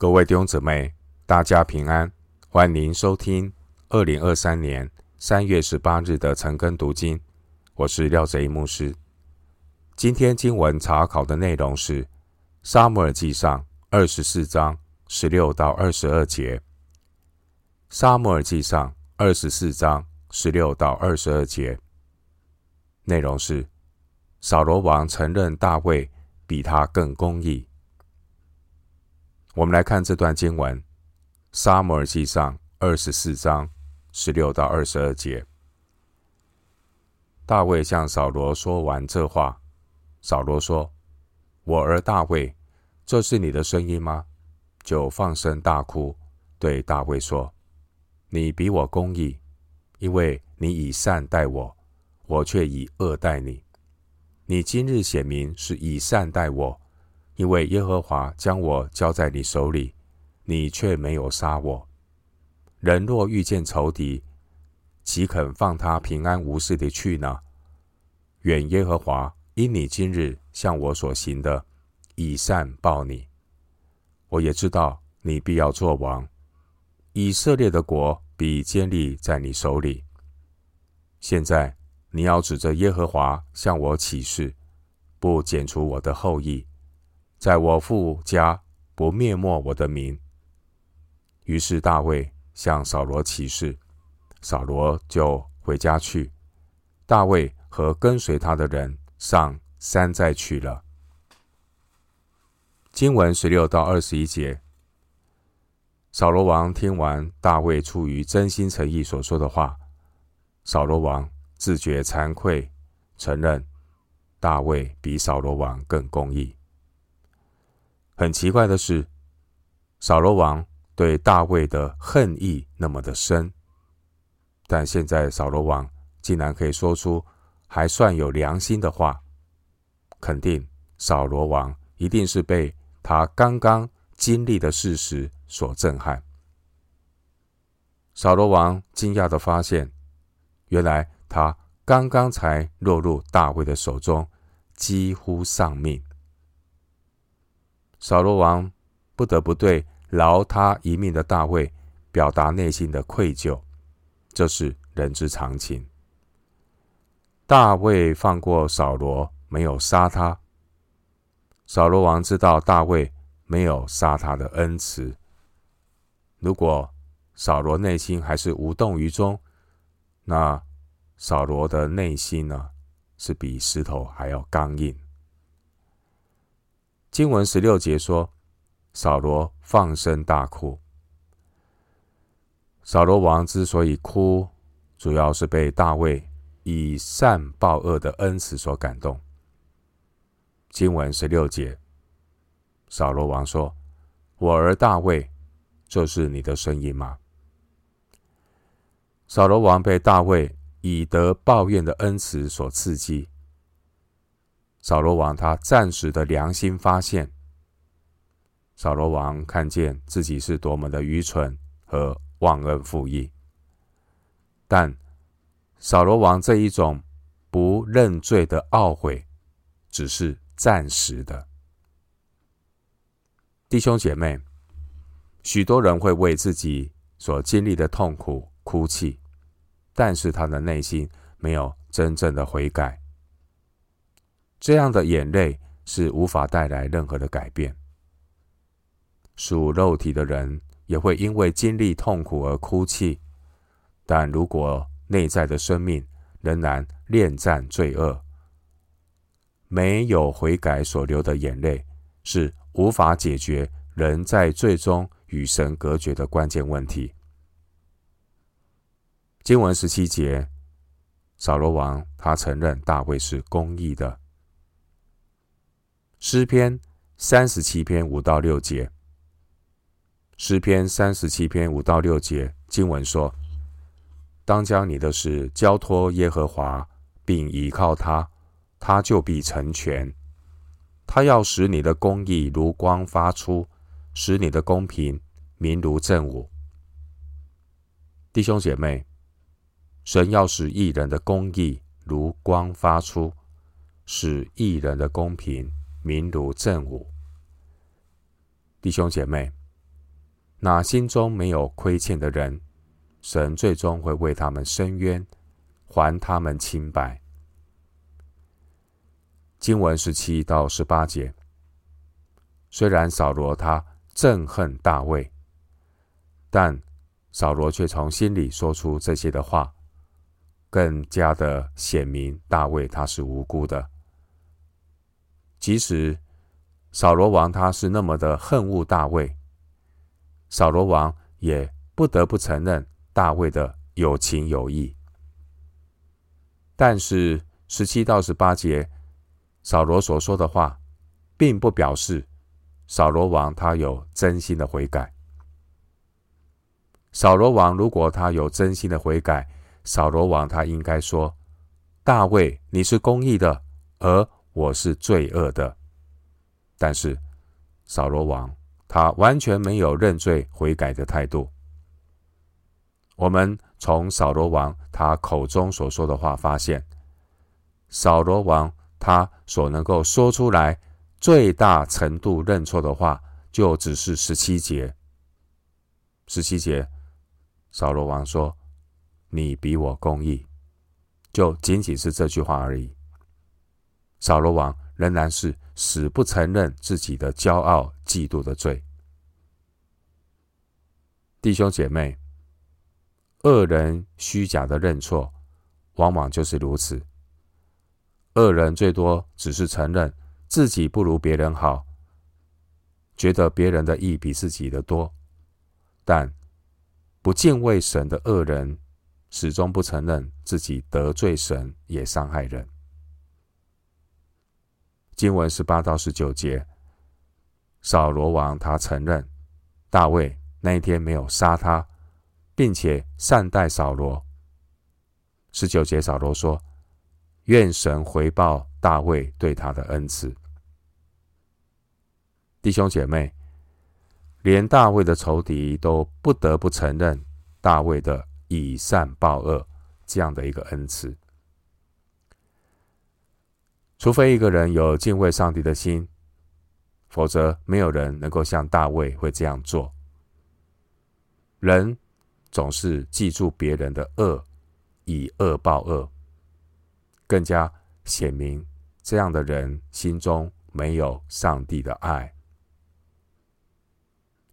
各位弟兄姊妹，大家平安，歡迎收聽二零二三年三月十八日的晨更讀經。我是廖澤一牧師。今天經文查考的內容是《撒母耳記上》二十四章十六到二十二節，《撒母耳記上》二十四章十六到二十二節內容是：掃羅王承認大衛比他更公義。我們來看這段經文，《撒母耳記上》二十四章十六到二十二節。大衛向掃羅說完這話，掃羅說：“我兒大衛，這是你的聲音嗎？”就放聲大哭，對大衛說：“你比我公義，因為你以善待我，我卻以惡待你。你今日顯明是以善待我。”因為耶和華將我交在你手裡，你卻沒有殺我。人若遇見仇敵，豈肯放他平安無事地去呢？願耶和華因你今日向我所行的，以善報你。我也知道你必要作王，以色列的國必堅立在你手裡。現在你要指着耶和華向我起誓，不剪除我的後裔。在我父家不滅沒我的名。於是大衛向掃羅起誓，掃羅就回家去。大衛和跟隨他的人上山寨去了。經文十六到二十一節。掃羅王聽完大衛出於真心誠意所說的話，掃羅王自覺慚愧，承認大衛比掃羅王更公義。很奇怪的是，掃羅王對大衛的恨意那麼的深，但現在掃羅王竟然可以說出還算有良心的話，肯定掃羅王一定是被他剛剛經歷的事實所震撼。掃羅王驚訝地發現，原來他剛剛才落入大衛的手中，幾乎喪命。掃羅王不得不對饒他一命的大衛表達內心的愧疚，這是人之常情。大衛放過掃羅，沒有殺他。掃羅王知道大衛沒有殺他的恩慈。如果掃羅內心還是無動於衷，那掃羅的內心呢？是比石頭還要剛硬。經文十六節說，掃羅放聲大哭。掃羅王之所以哭，主要是被大衛以善報惡的恩慈所感動。經文十六節，掃羅王說：“我兒大衛，這是你的聲音嗎？”掃羅王被大衛以德報怨的恩慈所刺激。掃羅王他暫時的良心發現，掃羅王看見自己是多麼的愚蠢和忘恩負義，但掃羅王這一種不認罪的懊悔，只是暫時的。弟兄姐妹，許多人會為自己所經歷的痛苦哭泣，但是他的內心沒有真正的悔改。這樣的眼淚是無法帶來任何的改變。屬肉體的人也會因為經歷痛苦而哭泣，但如果內在的生命仍然戀戰罪惡，沒有悔改，所流的眼淚是無法解決人在最終與神隔絕的關鍵問題。經文十七節，掃羅王他承認大衛是公義的。詩篇三十七篇五到六節。詩篇三十七篇五到六節，經文說：“當將你的事交託耶和華，並倚靠他，他就必成全。他要使你的公義如光發出，使你的公平明如正午。”弟兄姐妹，神要使一人的公義如光發出，使一人的公平，明如正午。弟兄姐妹，那心中沒有虧欠的人，神最終會為他們伸冤，還他們清白。經文十七到十八節，雖然掃羅他憎恨大衛，但掃羅卻從心裡說出這些的話，更加的顯明大衛他是無辜的。即使掃羅王他是那麼的恨惡大衛，掃羅王也不得不承認大衛的有情有義。但是十七到十八節，掃羅所說的話，並不表示掃羅王他有真心的悔改。掃羅王如果他有真心的悔改，掃羅王他應該說：“大衛，你是公義的。”而我是罪惡的，但是掃羅王他完全沒有認罪悔改的態度。我們從掃羅王他口中所說的話發現，掃羅王他所能夠說出來最大程度認錯的話，就只是十七節。十七節，掃羅王說：“你比我公義。”就僅僅是這句話而已。掃羅王仍然是死不承認自己的驕傲、嫉妒的罪。弟兄姐妹，惡人虛假的認錯，往往就是如此。惡人最多只是承認自己不如別人好，覺得別人的義比自己的多，但不敬畏神的惡人，始終不承認自己得罪神，也傷害人。經文十八到十九節，掃羅王他承認大衛那一天沒有殺他，並且善待掃羅。十九節掃羅說：“願神回報大衛對他的恩慈。”弟兄姐妹，連大衛的仇敵都不得不承認大衛的以善報惡這樣的一個恩慈。除非一個人有敬畏上帝的心，否則沒有人能夠像大衛會這樣做。人總是記住別人的惡，以惡報惡。更加顯明，這樣的人心中沒有上帝的愛。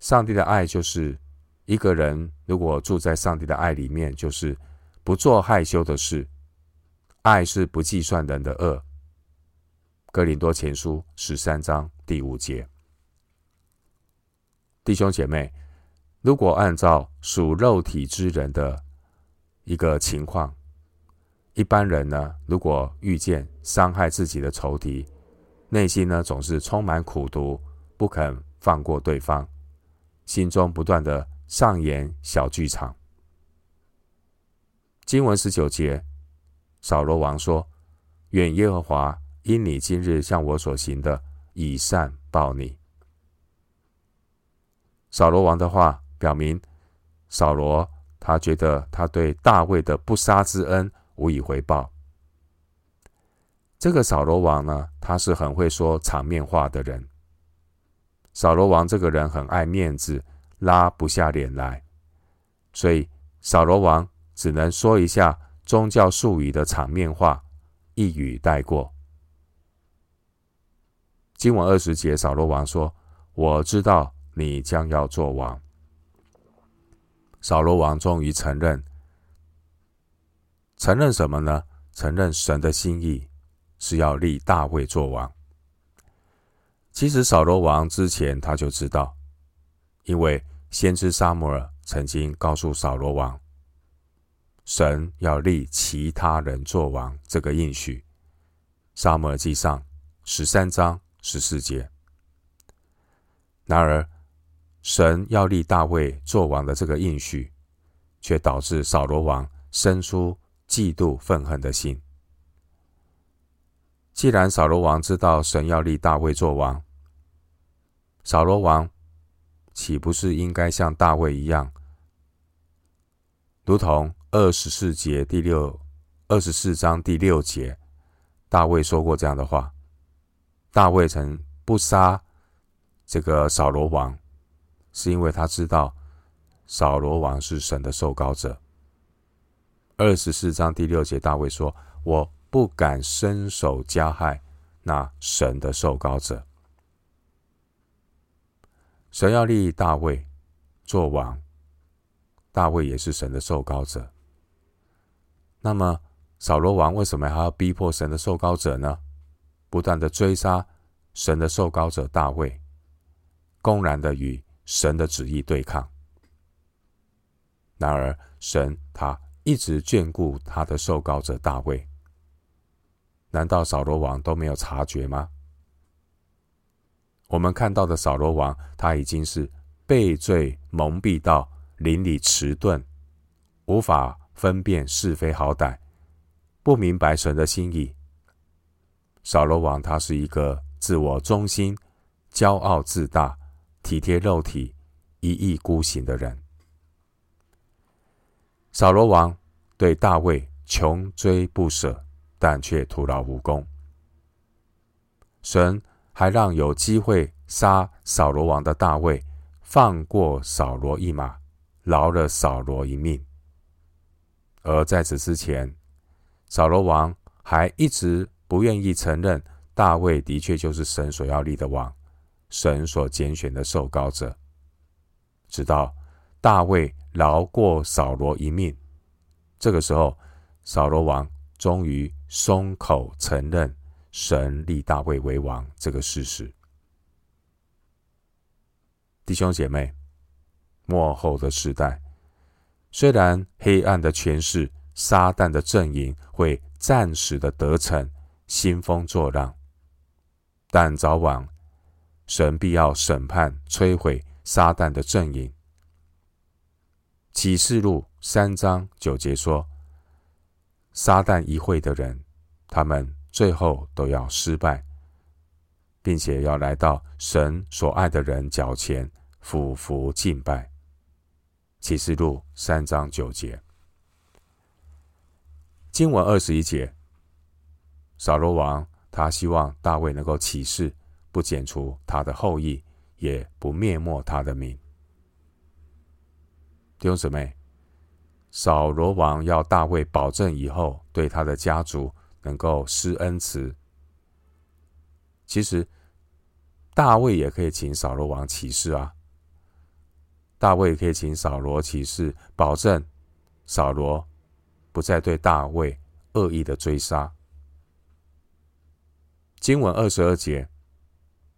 上帝的愛就是，一個人如果住在上帝的愛裡面，就是不做害羞的事。愛是不計算人的惡。《哥林多前書》十三章第五節，弟兄姐妹，如果按照屬肉體之人的一個情況，一般人呢，如果遇見傷害自己的仇敵，內心呢，總是充滿苦毒，不肯放過對方，心中不斷的上演小劇場。經文十九節，掃羅王說：“願耶和華。”因你今日向我所行的，以善報你。掃羅王的話表明，掃羅他覺得他對大衛的不殺之恩無以回報。這個掃羅王呢，他是很會說場面話的人。掃羅王這個人很愛面子，拉不下臉來，所以掃羅王只能說一下宗教術語的場面話，一語帶過。經文二十節，掃羅王說：“我知道你將要做王。”掃羅王終於承認，承認什麼呢？承認神的心意是要立大衛做王。其實掃羅王之前他就知道，因為先知撒母耳曾經告訴掃羅王，神要立其他人做王這個應許。撒母耳記上十三章。十四節。然而，神要立大衛作王的這個應許，卻導致掃羅王生出嫉妒憤恨的心。既然掃羅王知道神要立大衛作王，掃羅王豈不是應該像大衛一樣？如同二十四節第六、二十四章第六節，大衛說過這樣的話。大衛曾不殺這個掃羅王，是因為他知道掃羅王是神的受膏者。二十四章第六節，大衛說：“我不敢伸手加害那神的受膏者。”神要立大衛做王，大衛也是神的受膏者。那麼掃羅王為什麼還要逼迫神的受膏者呢？不斷的追殺神的受膏者大衛，公然的與神的旨意對抗。然而神，神他一直眷顧他的受膏者大衛。難道掃羅王都沒有察覺嗎？我們看到的掃羅王，他已經是被罪蒙蔽到靈裡遲鈍，無法分辨是非好歹，不明白神的心意。掃羅王他是一個自我中心、驕傲自大、體貼肉體、一意孤行的人。掃羅王對大衛窮追不舍，但卻徒勞無功。神還讓有機會殺掃羅王的大衛，放過掃羅一馬，饒了掃羅一命。而在此之前，掃羅王還一直不願意承認大衛的確就是神所要立的王，神所揀選的受膏者。直到大衛饒過掃羅一命，這個時候，掃羅王終於鬆口承認神立大衛為王這個事實。弟兄姐妹，末後的世代，雖然黑暗的權勢、撒旦的陣營會暫時的得逞。興風作浪，但早晚神必要審判、摧毀撒旦的陣營。啟示錄三章九節說：“撒旦一會的人，他們最後都要失敗，並且要來到神所愛的人腳前俯伏敬拜。”啟示錄三章九節，經文二十一節。掃羅王他希望大衛能夠起誓，不剪除他的後裔，也不滅沒他的名。弟兄姊妹，掃羅王要大衛保證以後對他的家族能夠施恩慈。其實，大衛也可以請掃羅王起誓啊。大衛可以請掃羅起誓，保證掃羅不再對大衛惡意的追殺。經文二十二節，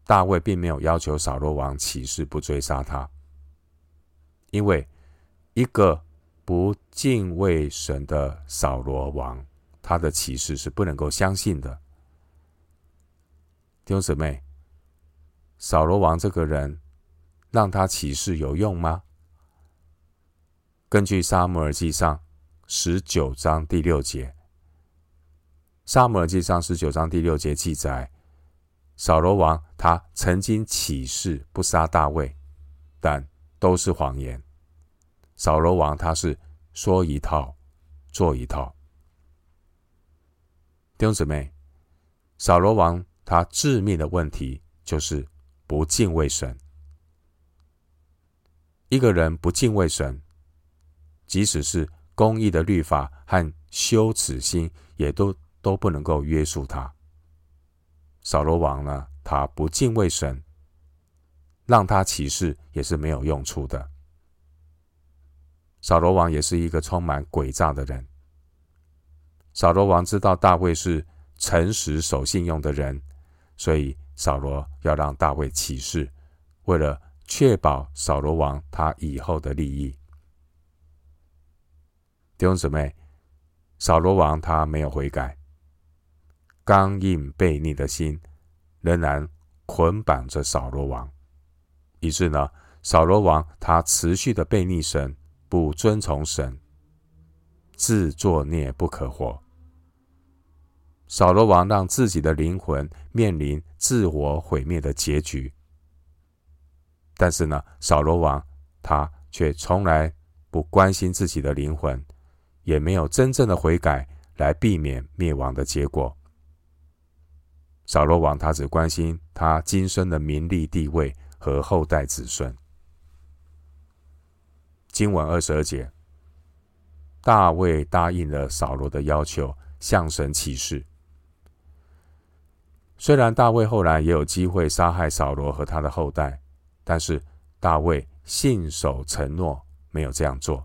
大衛並沒有要求掃羅王起誓不追殺他，因為一個不敬畏神的掃羅王，他的起誓是不能夠相信的。弟兄姊妹，掃羅王這個人，讓他起誓有用嗎？根據撒母耳記上十九章第六節。撒母耳記上十九章第六節記載，掃羅王他曾經起誓不殺大衛，但都是謊言。掃羅王他是說一套，做一套。弟兄姊妹，掃羅王他致命的問題就是不敬畏神。一個人不敬畏神，即使是公義的律法和羞恥心，也都。都不能夠約束他。掃羅王呢，他不敬畏神，讓他起誓也是沒有用處的。掃羅王也是一個充滿詭詐的人。掃羅王知道大衛是誠實守信用的人，所以掃羅要讓大衛起誓，為了確保掃羅王他以後的利益。弟兄姊妹，掃羅王他沒有悔改。剛硬悖逆的心，仍然捆綁着掃羅王，於是呢，掃羅王他持續的悖逆神，不遵從神，自作孽不可活。掃羅王讓自己的靈魂面臨自我毀滅的結局，但是呢，掃羅王他卻從來不關心自己的靈魂，也沒有真正的悔改來避免滅亡的結果。掃羅王他只關心他今生的名利地位和後代子孫。經文二十二節，大衛答應了掃羅的要求，向神起誓。雖然大衛後來也有機會殺害掃羅和他的後代，但是大衛信守承諾，沒有這樣做。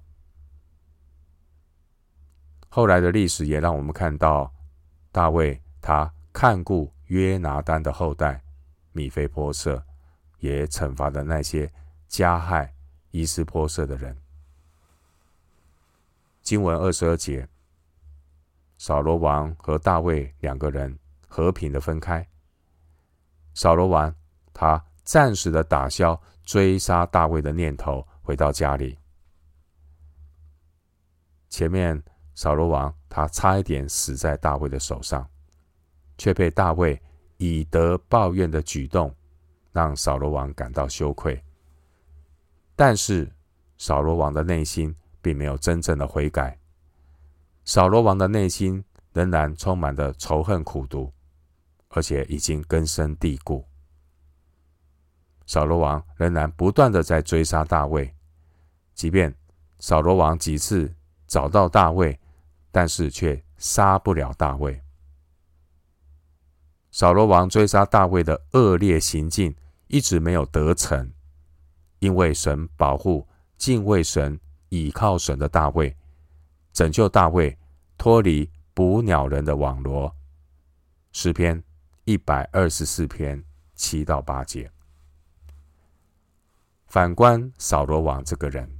後來的歷史也讓我們看到，大衛他看顧。約拿單的後代米非波設也懲罰了那些加害伊施波設的人。經文二十二節，掃羅王和大衛兩個人和平的分開。掃羅王他暫時的打消追殺大衛的念頭，回到家裡。前面掃羅王他差一點死在大衛的手上。卻被大衛以德報怨的舉動，讓掃羅王感到羞愧。但是，掃羅王的內心並沒有真正的悔改，掃羅王的內心仍然充滿着仇恨、苦毒，而且已經根深蒂固。掃羅王仍然不斷的在追殺大衛，即便掃羅王幾次找到大衛，但是卻殺不了大衛。掃羅王追殺大衛的惡劣行徑一直沒有得逞，因為神保護、敬畏神、倚靠神的大衛，拯救大衛脫離捕鳥人的網羅。詩篇一百二十四篇七到八節。反觀掃羅王這個人，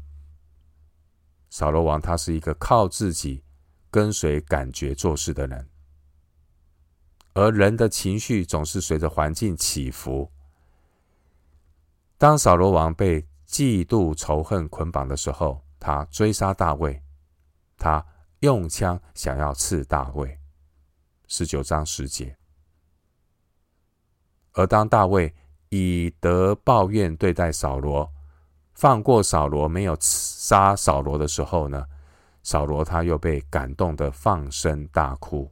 掃羅王他是一個靠自己、跟隨感覺做事的人。而人的情緒總是隨着環境起伏。當掃羅王被嫉妒、仇恨捆綁的時候，他追殺大衛，他用槍想要刺大衛。十九章十節。而當大衛以德報怨對待掃羅，放過掃羅，沒有殺掃羅的時候呢，掃羅他又被感動得放聲大哭。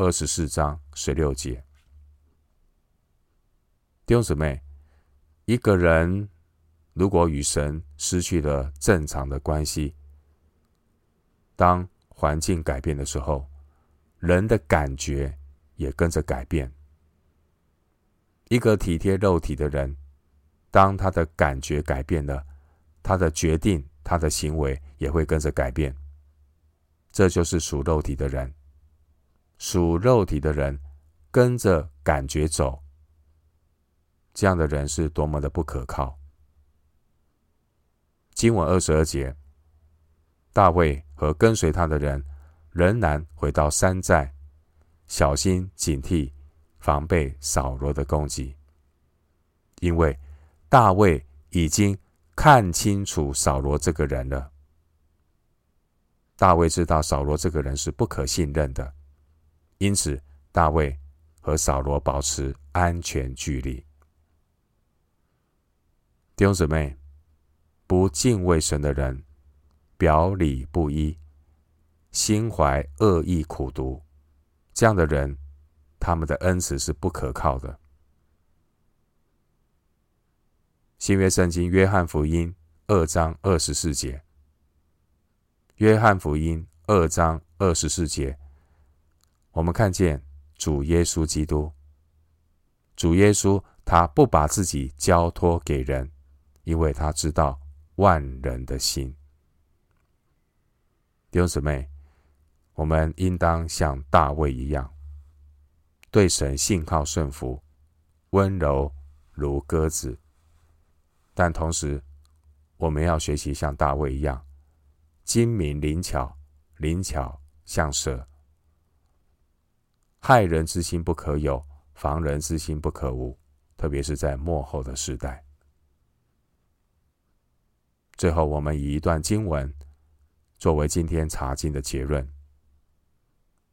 二十四章十六節，弟兄姊妹，一個人如果與神失去了正常的關係，當環境改變的時候，人的感覺也跟着改變。一個體貼肉體的人，當他的感覺改變了，他的決定、他的行為也會跟着改變。這就是屬肉體的人。屬肉體的人跟着感覺走，這樣的人是多麼的不可靠。經文二十二節，大衛和跟隨他的人仍然回到山寨，小心警惕，防備掃羅的攻擊，因為大衛已經看清楚掃羅這個人了。大衛知道掃羅這個人是不可信任的。因此，大衛和掃羅保持安全距離。弟兄姊妹，不敬畏神的人，表裡不一，心懷惡意苦毒，苦毒這樣的人，他們的恩慈是不可靠的。新約聖經約翰福音二章二十四節。約翰福音二章二十四節。我們看見主耶穌基督，主耶穌他不把自己交托給人，因為他知道萬人的心。弟兄姊妹，我們應當像大衛一樣，對神信靠順服，溫柔如鴿子；但同時，我們要學習像大衛一樣，精明靈巧，靈巧像蛇。害人之心不可有，防人之心不可無。特別是在末後的時代。最後，我們以一段經文作為今天查經的結論：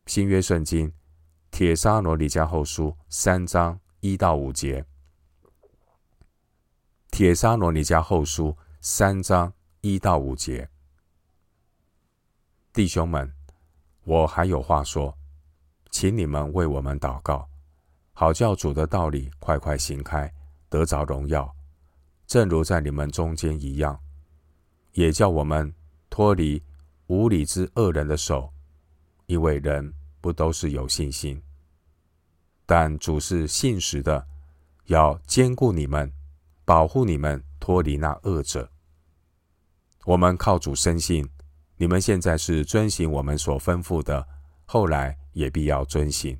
新約聖經《帖撒羅尼迦後書》三章一到五節，《帖撒羅尼迦後書》三章一到五節。弟兄們，我還有話說。請你們為我們禱告，好叫主的道理快快行開，得着榮耀，正如在你們中間一樣。也叫我們脫離無理之惡人的手，因為人不都是有信心，但主是信實的，要堅固你們，保護你們，脫離那惡者。我們靠主深信，你們現在是遵行我們所吩咐的，後來。也必要遵行。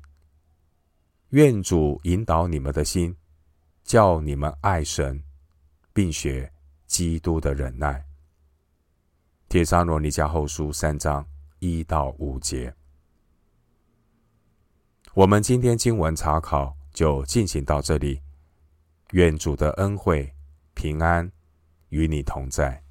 願主引導你們的心，叫你們愛神，並學基督的忍耐。帖撒羅尼迦後書三章一到五節。我們今天經文查考就進行到這裡。願主的恩惠、平安與你同在。